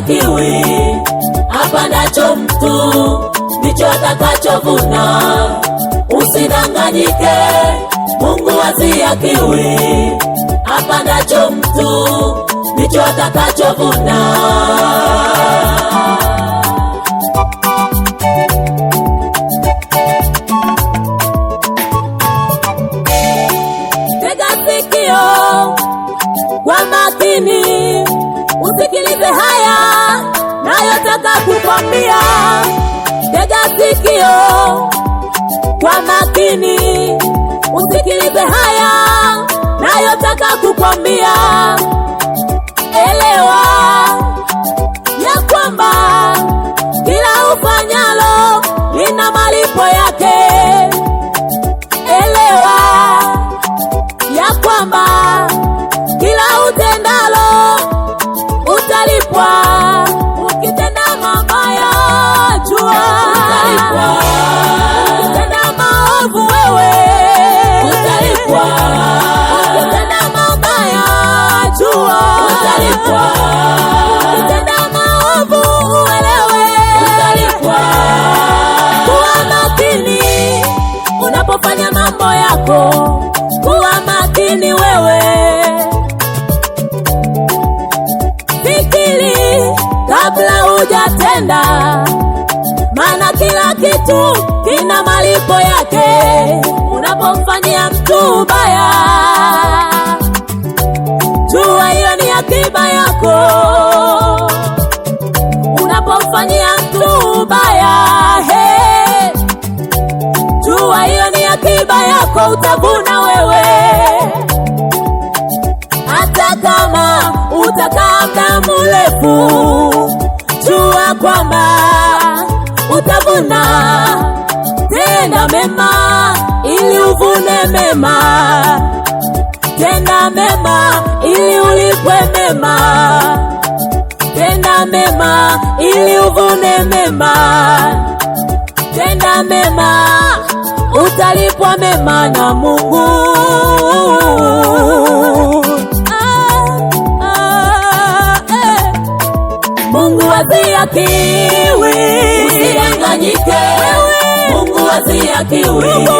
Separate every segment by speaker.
Speaker 1: hakiwi, apandacho mtu ndicho atakachovuna. Usidanganyike, Mungu hazihakiwi, apandacho mtu ndicho atakachovuna.
Speaker 2: Tega sikio kwa makini ninayotaka kukwambia, tega sikio kwa makini, usikilize haya nayotaka kukwambia, elewa ya kwamba ina malipo yake unapomfanyia mtu ubaya. Jua hiyo ni akiba yako unapomfanyia mtu ubaya. Hey, jua hiyo ni akiba yako utavuna wewe, hata kama utakaa muda mrefu, jua kwamba utavuna mema, tena mema ili ulipwe mema, tena mema ili uvune mema, tena mema utalipwa mema na Mungu. Ah, ah,
Speaker 1: eh. Mungu haziakiwi, kiwi.
Speaker 2: Mungu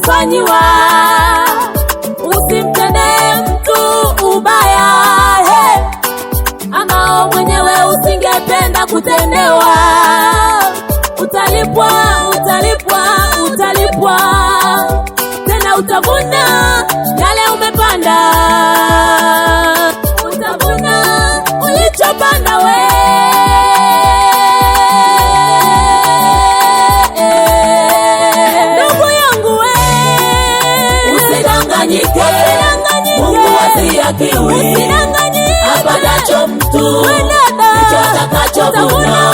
Speaker 2: kufanyiwa, Usimtende mtu ubaya hey, ambao mwenyewe usingependa kutendewa. Utalipwa, utalipwa, utalipwa, tena utavuna yale umepanda.
Speaker 1: usidakiwe, usidanganyike, apatacho mtu ndicho atakachovuna,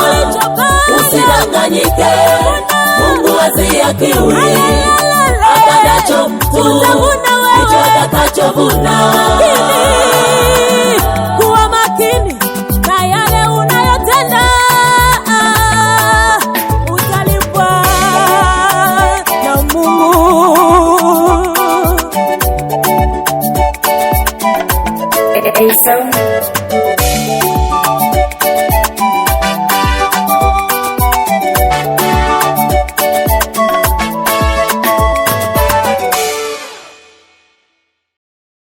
Speaker 1: usidanganyike, Mungu asidakiwe, apatacho mtu ndicho atakachovuna
Speaker 2: So